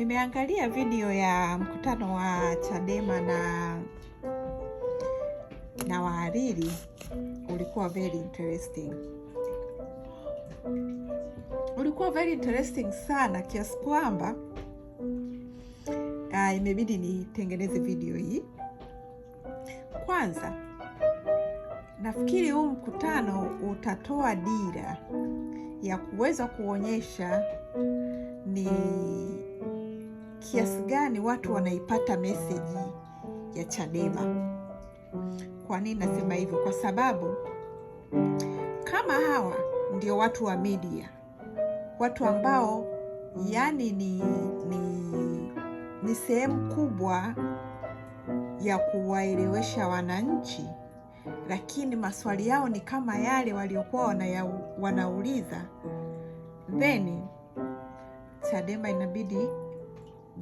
Nimeangalia video ya mkutano wa Chadema na na wahariri, ulikuwa very interesting, ulikuwa very interesting sana kiasi kwamba uh, imebidi nitengeneze video hii. Kwanza nafikiri huu mkutano utatoa dira ya kuweza kuonyesha ni kiasi gani watu wanaipata meseji ya Chadema. Kwa nini nasema hivyo? Kwa sababu kama hawa ndio watu wa media, watu ambao yani ni, ni, ni sehemu kubwa ya kuwaelewesha wananchi, lakini maswali yao ni kama yale waliokuwa wana wanauliza, then Chadema inabidi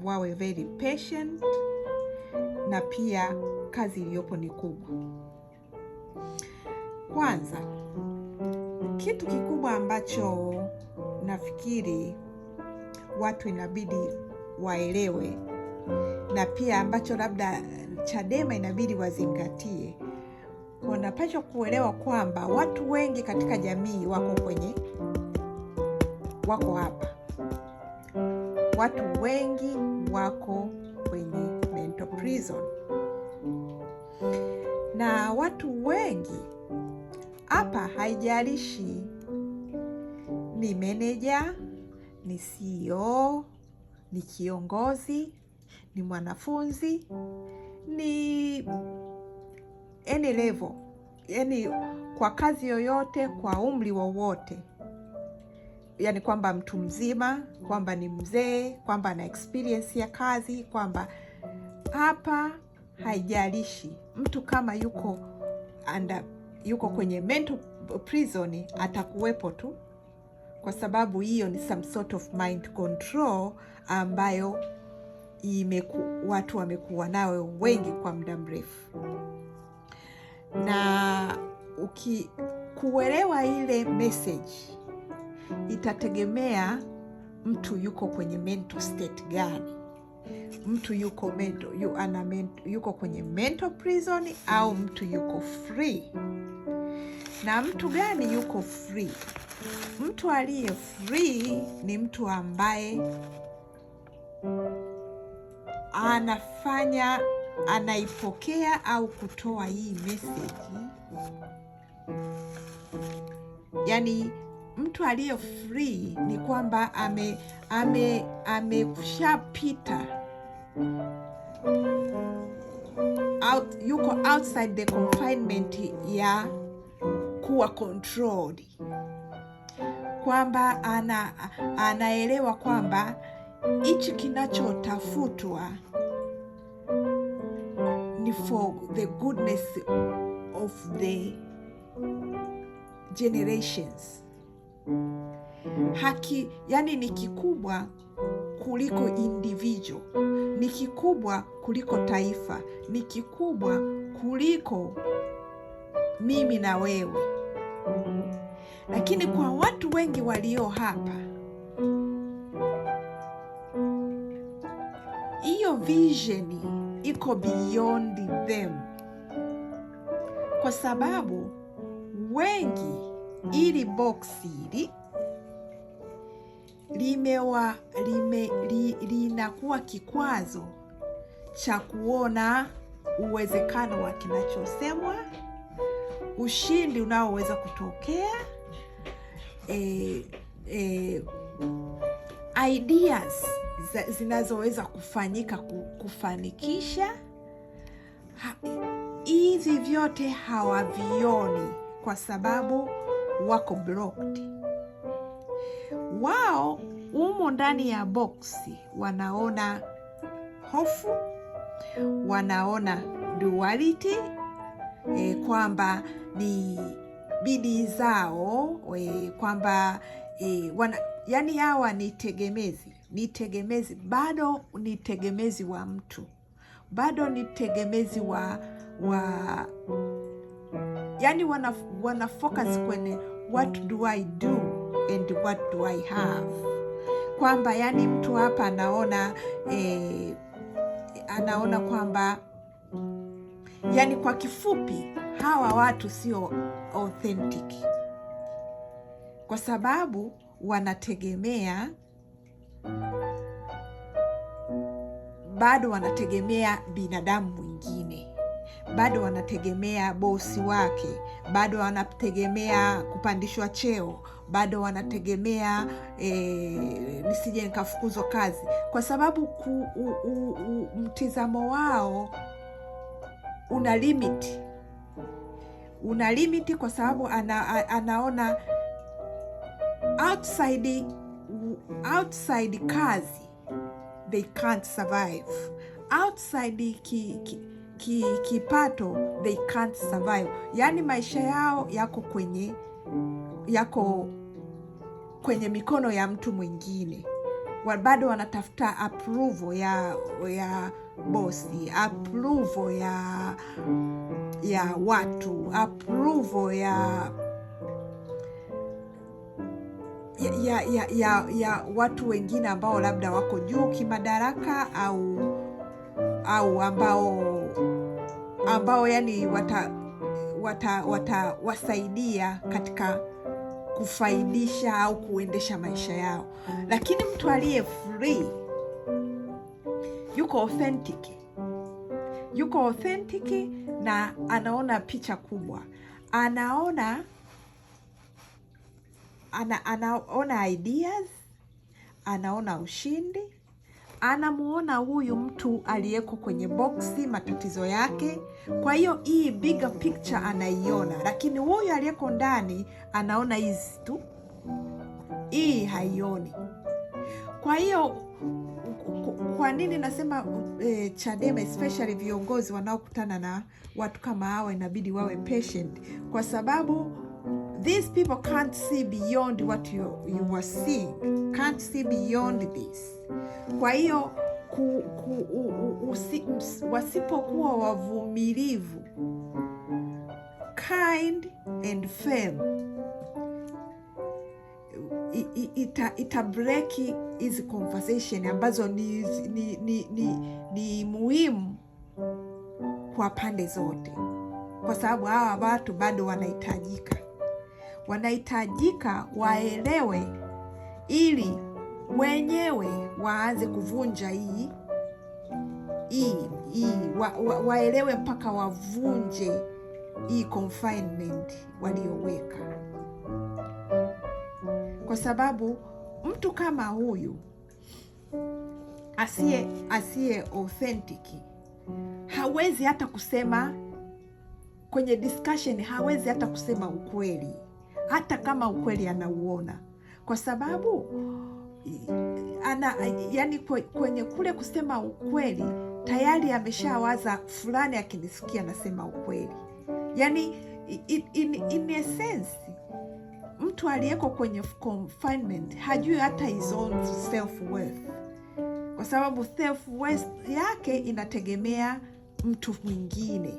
wawe very patient, na pia kazi iliyopo ni kubwa. Kwanza, kitu kikubwa ambacho nafikiri watu inabidi waelewe na pia ambacho labda Chadema inabidi wazingatie, wanapaswa kuelewa kwamba watu wengi katika jamii wako kwenye wako hapa, watu wengi wako kwenye mental prison, na watu wengi hapa, haijalishi ni meneja, ni CEO, ni kiongozi, ni mwanafunzi, ni any level, yani kwa kazi yoyote, kwa umri wowote yani kwamba mtu mzima, kwamba ni mzee, kwamba ana experience ya kazi, kwamba hapa haijalishi mtu kama yuko anda, yuko kwenye mental prison atakuwepo tu, kwa sababu hiyo ni some sort of mind control ambayo imeku, watu wamekuwa nayo wengi kwa muda mrefu, na ukikuelewa ile message itategemea mtu yuko kwenye mental state gani. Mtu yuko mental, yu ana mental, yuko kwenye mental prison au mtu yuko free, na mtu gani yuko free? Mtu aliye free ni mtu ambaye anafanya anaipokea au kutoa hii meseji, yani mtu aliye free ni kwamba ame ame amekushapita out, yuko outside the confinement ya kuwa controlled, kwamba ana anaelewa kwamba hichi kinachotafutwa ni for the goodness of the generations haki, yani ni kikubwa kuliko individual, ni kikubwa kuliko taifa, ni kikubwa kuliko mimi na wewe. Lakini kwa watu wengi walio hapa, hiyo vision iko beyond them, kwa sababu wengi Mm. ili box hili limewa lime, li, linakuwa kikwazo cha kuona uwezekano wa kinachosemwa, ushindi unaoweza kutokea, e, e, ideas zinazoweza kufanyika kufanikisha. Hivi vyote hawavioni kwa sababu wako blocked. Wao umo ndani ya boksi, wanaona hofu, wanaona duality e, kwamba ni bidii zao e, kwamba e, wana, yani hawa ni tegemezi, ni tegemezi, bado ni tegemezi wa mtu, bado ni tegemezi wa wa yani wana, wana focus kwenye what do I do and what do I have, kwamba yani mtu hapa anaona eh, anaona kwamba yani kwa kifupi hawa watu sio authentic kwa sababu wanategemea bado wanategemea binadamu mwingine bado wanategemea bosi wake, bado wanategemea kupandishwa cheo, bado wanategemea e, nisije nikafukuzwa kazi, kwa sababu ku, u, u, u, mtizamo wao una limiti, una limiti kwa sababu ana, anaona outside, outside kazi they can't survive outside ki, ki, kipato ki they can't survive, yaani maisha yao yako kwenye yako kwenye mikono ya mtu mwingine, bado wanatafuta approval ya ya bosi, approval ya ya watu, approval ya ya, ya, ya ya watu wengine ambao labda wako juu kimadaraka au au ambao ambao yani wata wata, wata katika kufaidisha au kuendesha maisha yao, lakini mtu aliye free yuko authentic, yuko authentic na anaona picha kubwa, anaona ana, anaona ideas, anaona ushindi anamuona huyu mtu aliyeko kwenye boksi matatizo yake. Kwa hiyo hii bigger picture anaiona, lakini huyu aliyeko ndani anaona hizi tu, hii haioni. Kwa hiyo kwa nini nasema e, Chadema especially viongozi wanaokutana na watu kama hawa inabidi wawe patient, kwa sababu These people can't see beyond what you, you were seeing, can't see beyond this. Kwa hiyo wasipokuwa wavumilivu, kind and firm, ita ita break hizi conversation ambazo ni, ni, ni, ni, ni muhimu kwa pande zote, kwa sababu hawa watu bado wanahitajika wanahitajika waelewe, ili wenyewe waanze kuvunja hii hii hii wa, wa, waelewe mpaka wavunje hii confinement walioweka, kwa sababu mtu kama huyu asiye asiye authentic hawezi hata kusema kwenye discussion, hawezi hata kusema ukweli hata kama ukweli anauona, kwa sababu ana yani, kwenye kule kusema ukweli tayari ameshawaza fulani akinisikia nasema ukweli. Yani in, in, in sense, mtu aliyeko kwenye confinement hajui hata his own self worth, kwa sababu self worth yake inategemea mtu mwingine.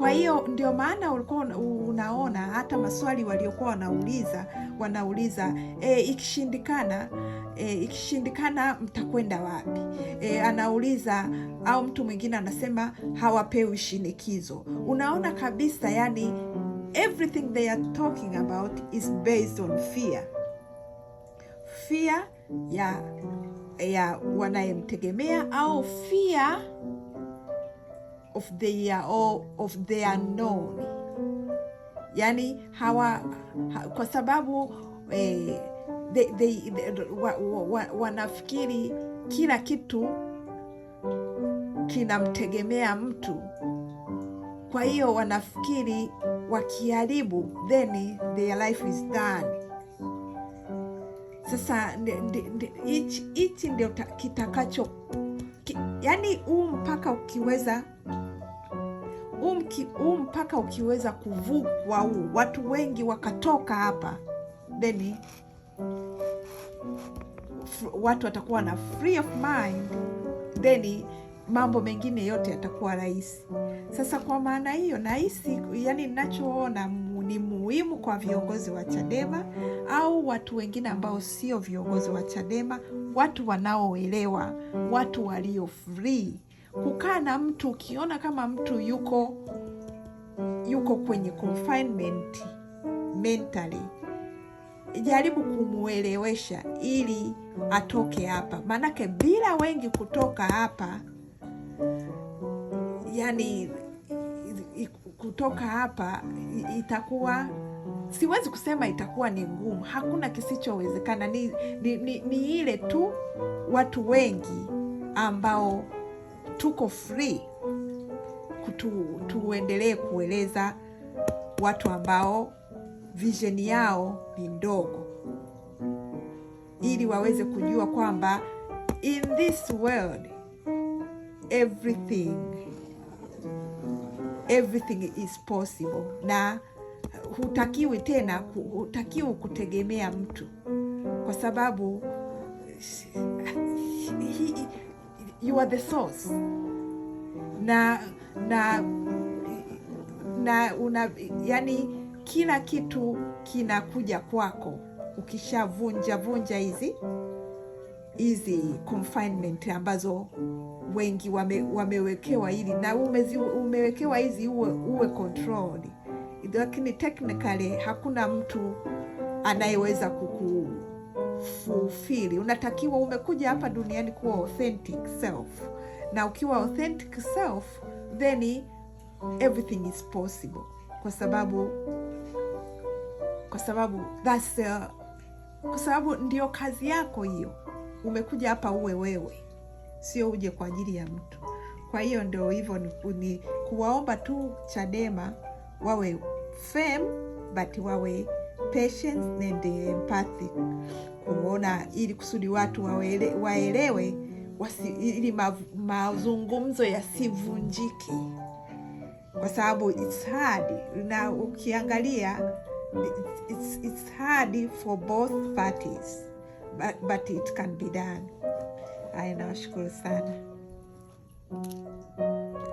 Kwa hiyo ndio maana ulikuwa unaona hata maswali waliokuwa wanauliza wanauliza e, ikishindikana e, ikishindikana mtakwenda wapi? E, anauliza au mtu mwingine anasema hawapewi shinikizo. Unaona kabisa, yani everything they are talking about is based on fear, fear ya ya wanayemtegemea au fear of their, uh, or of their known, yani hawa ha, kwa sababu eh, they, they, they, wa, wa, wanafikiri kila kitu kinamtegemea mtu, kwa hiyo wanafikiri wakiharibu then their life is done. Sasa hichi ndio kitakacho ki, yani huu mpaka ukiweza huu um, mpaka ukiweza kuvukwa huu, watu wengi wakatoka hapa, then watu watakuwa na free of mind, then mambo mengine yote yatakuwa rahisi. Sasa kwa maana hiyo, nahisi yani, ninachoona ni muhimu kwa viongozi wa Chadema au watu wengine ambao sio viongozi wa Chadema, watu wanaoelewa, watu walio free kukaa na mtu ukiona kama mtu yuko yuko kwenye confinement mentally, jaribu kumuelewesha ili atoke hapa, maanake bila wengi kutoka hapa, yani kutoka hapa itakuwa siwezi kusema itakuwa ni ngumu. Hakuna kisichowezekana, ni, ni, ni, ni ile tu watu wengi ambao tuko free kutu, tuendelee kueleza watu ambao vision yao ni ndogo, ili waweze kujua kwamba in this world everything everything is possible, na hutakiwi tena, hutakiwi kutegemea mtu kwa sababu you are the source na na na una, yani kila kitu kinakuja kwako ukishavunja vunja hizi hizi confinement ambazo wengi wame, wamewekewa hili na umezi, umewekewa hizi uwe, uwe control, lakini technically hakuna mtu anayeweza kuku fulfili, unatakiwa umekuja hapa duniani kuwa authentic self, na ukiwa authentic self then everything is possible, kwa sababu kwa sababu that's uh, kwa sababu ndio kazi yako hiyo. Umekuja hapa uwe wewe, sio uje kwa ajili ya mtu. Kwa hiyo ndio hivyo, ni kuwaomba tu Chadema wawe firm but wawe patience and empathic kuona, ili kusudi watu waelewe, waelewe wasi, ili mazungumzo yasivunjiki kwa sababu it's hard na ukiangalia it's, it's hard for both parties but, but it can be done. Ay, nawashukuru sana.